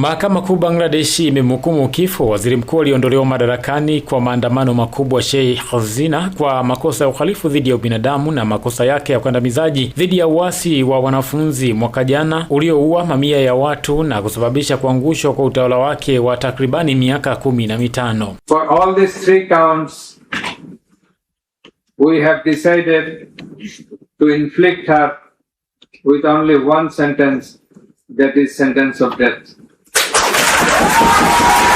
Mahakama Kuu Bangladeshi imemhukumu kifo waziri mkuu aliondolewa madarakani kwa maandamano makubwa Sheikh Hasina kwa makosa ya uhalifu dhidi ya ubinadamu na makosa yake ya ukandamizaji dhidi ya uasi wa wanafunzi mwaka jana ulioua mamia ya watu na kusababisha kuangushwa kwa utawala wake wa takribani miaka kumi na mitano. For all these three counts we have decided to inflict her with only one sentence that is sentence of death. Thank you.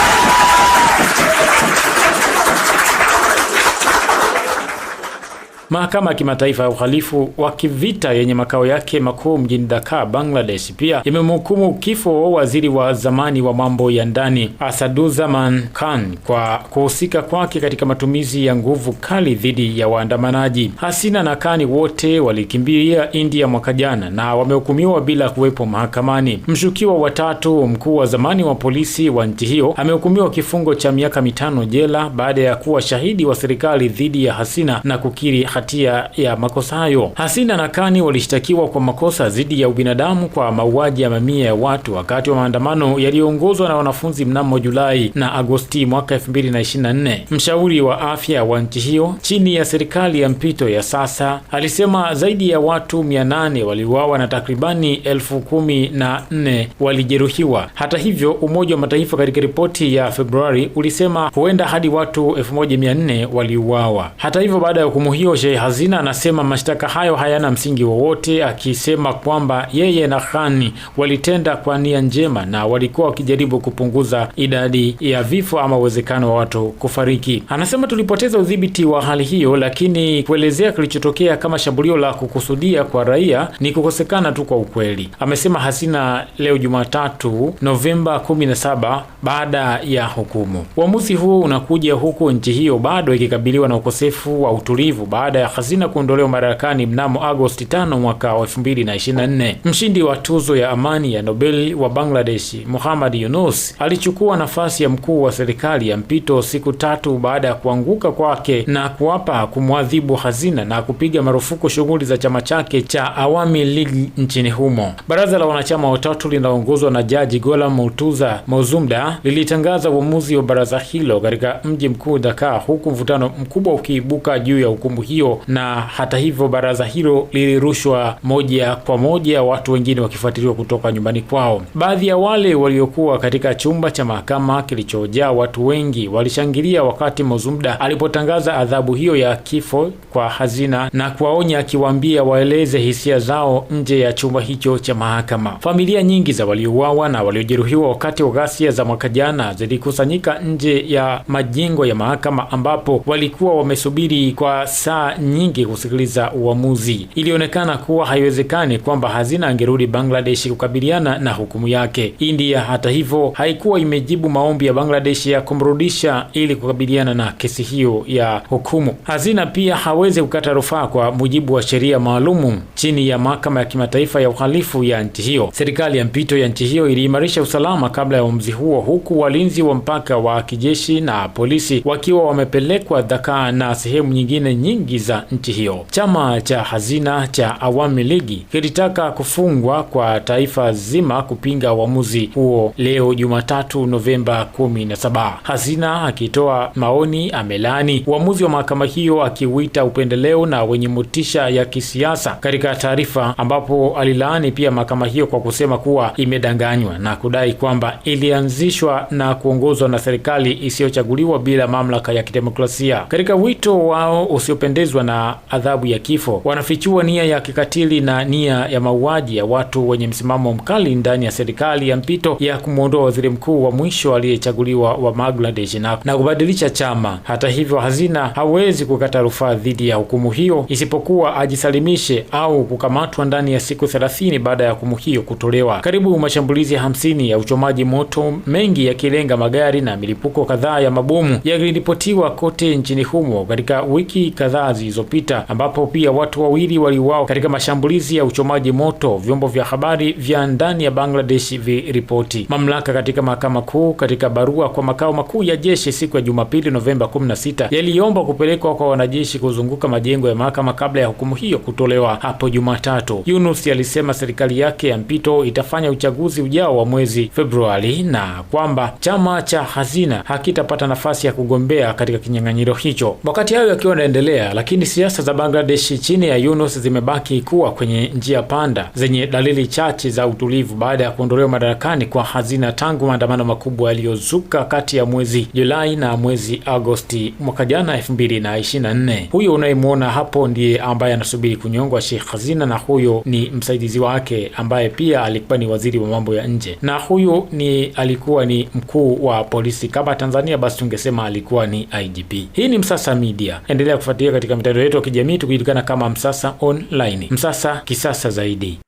Mahakama ya Kimataifa ya Uhalifu wa Kivita yenye makao yake makuu mjini Dhaka, Bangladesh, pia imemhukumu kifo waziri wa zamani wa mambo ya ndani Asaduzaman Khan kwa kuhusika kwake katika matumizi ya nguvu kali dhidi ya waandamanaji. Hasina na Khan wote walikimbia India mwaka jana na wamehukumiwa bila kuwepo mahakamani. Mshukiwa watatu, mkuu wa zamani wa polisi wa nchi hiyo, amehukumiwa kifungo cha miaka mitano jela baada ya kuwa shahidi wa serikali dhidi ya Hasina na kukiri hatia ya makosa hayo. Hasina na Kani walishtakiwa kwa makosa dhidi ya ubinadamu kwa mauaji ya mamia ya watu wakati wa maandamano yaliyoongozwa na wanafunzi mnamo Julai na Agosti mwaka 2024. Mshauri wa afya wa nchi hiyo chini ya serikali ya mpito ya sasa alisema zaidi ya watu 800 waliuawa na takribani elfu kumi na nne walijeruhiwa. Hata hivyo, Umoja wa Mataifa katika ripoti ya Februari ulisema huenda hadi watu 1400 waliuawa. Hata hivyo, baada ya hukumu hiyo Sheikh Hazina anasema mashtaka hayo hayana msingi wowote, akisema kwamba yeye na Khani walitenda kwa nia njema na walikuwa wakijaribu kupunguza idadi ya vifo ama uwezekano wa watu kufariki. Anasema tulipoteza udhibiti wa hali hiyo, lakini kuelezea kilichotokea kama shambulio la kukusudia kwa raia ni kukosekana tu kwa ukweli, amesema hazina leo Jumatatu Novemba 17 baada ya hukumu. Uamuzi huo unakuja huku nchi hiyo bado ikikabiliwa na ukosefu wa utulivu baada baada ya Hazina kuondolewa madarakani mnamo Agosti 5 mwaka 2024. Mshindi wa tuzo ya amani ya Nobel wa Bangladesh, Muhammad Yunus, alichukua nafasi ya mkuu wa serikali ya mpito siku tatu baada ya kuanguka kwake na kuapa kumwadhibu Hazina na kupiga marufuku shughuli za chama chake cha Awami League nchini humo. Baraza la wanachama watatu linaongozwa na Jaji gola Mutuza Mozumda lilitangaza uamuzi wa baraza hilo katika mji mkuu Dhaka, huku mvutano mkubwa ukiibuka juu ya hukumu hiyo hiyo, na hata hivyo baraza hilo lilirushwa moja kwa moja, watu wengine wakifuatiliwa kutoka nyumbani kwao. Baadhi ya wale waliokuwa katika chumba cha mahakama kilichojaa watu wengi walishangilia wakati Mozumda alipotangaza adhabu hiyo ya kifo kwa hazina na kuwaonya akiwaambia waeleze hisia zao nje ya chumba hicho cha mahakama. Familia nyingi za waliouawa na waliojeruhiwa wakati wa ghasia za mwaka jana zilikusanyika nje ya majengo ya mahakama ambapo walikuwa wamesubiri kwa saa nyingi kusikiliza uamuzi. Ilionekana kuwa haiwezekani kwamba Hazina angerudi Bangladesh kukabiliana na hukumu yake. India hata hivyo haikuwa imejibu maombi ya Bangladesh ya kumrudisha ili kukabiliana na kesi hiyo ya hukumu. Hazina pia hawezi kukata rufaa kwa mujibu wa sheria maalumu chini ya mahakama ya kimataifa ya uhalifu ya nchi hiyo. Serikali ya mpito ya nchi hiyo iliimarisha usalama kabla ya uamuzi huo, huku walinzi wa mpaka wa kijeshi na polisi wakiwa wamepelekwa Dhaka na sehemu nyingine nyingi za nchi hiyo. Chama cha hazina cha Awami Ligi kilitaka kufungwa kwa taifa zima kupinga uamuzi huo leo Jumatatu Novemba 17. Hazina akitoa maoni amelaani uamuzi wa mahakama hiyo akiuita upendeleo na wenye motisha ya kisiasa katika taarifa ambapo alilaani pia mahakama hiyo kwa kusema kuwa imedanganywa na kudai kwamba ilianzishwa na kuongozwa na serikali isiyochaguliwa bila mamlaka ya kidemokrasia. Katika wito wao usiopendezwa kuumizwa na adhabu ya kifo. Wanafichua nia ya kikatili na nia ya mauaji ya watu wenye msimamo mkali ndani ya serikali ya mpito ya kumwondoa waziri mkuu wa mwisho aliyechaguliwa wa Bangladesh na, na kubadilisha chama. Hata hivyo, Hazina hawezi kukata rufaa dhidi ya hukumu hiyo isipokuwa ajisalimishe au kukamatwa ndani ya siku 30 baada ya hukumu hiyo kutolewa. Karibu mashambulizi hamsini ya uchomaji moto, mengi yakilenga magari na milipuko kadhaa ya mabomu yaliripotiwa kote nchini humo katika wiki kadhaa zilizopita ambapo pia watu wawili waliuawa katika mashambulizi ya uchomaji moto, vyombo vya habari vya ndani ya Bangladesh viripoti. Mamlaka katika mahakama kuu katika barua kwa makao makuu ya jeshi siku ya Jumapili Novemba 16 yaliomba kupelekwa kwa wanajeshi kuzunguka majengo ya mahakama kabla ya hukumu hiyo kutolewa hapo Jumatatu. Yunus alisema serikali yake ya mpito itafanya uchaguzi ujao wa mwezi Februari na kwamba chama cha Hazina hakitapata nafasi ya kugombea katika kinyang'anyiro hicho. Wakati hayo yakiwa yanaendelea lakini siasa za Bangladesh chini ya Yunus zimebaki kuwa kwenye njia panda zenye dalili chache za utulivu baada ya kuondolewa madarakani kwa hazina tangu maandamano makubwa yaliyozuka kati ya mwezi Julai na mwezi Agosti mwaka jana 2024. Huyo unayemwona hapo ndiye ambaye anasubiri kunyongwa Sheikh Hazina, na huyo ni msaidizi wake ambaye pia alikuwa ni waziri wa mambo ya nje, na huyu ni alikuwa ni mkuu wa polisi. Kama Tanzania basi tungesema alikuwa ni IGP. Hii ni Msasa Media, endelea kufuatilia katika katika mitandao yetu ya kijamii tukijulikana kama Msasa Online, Msasa kisasa zaidi.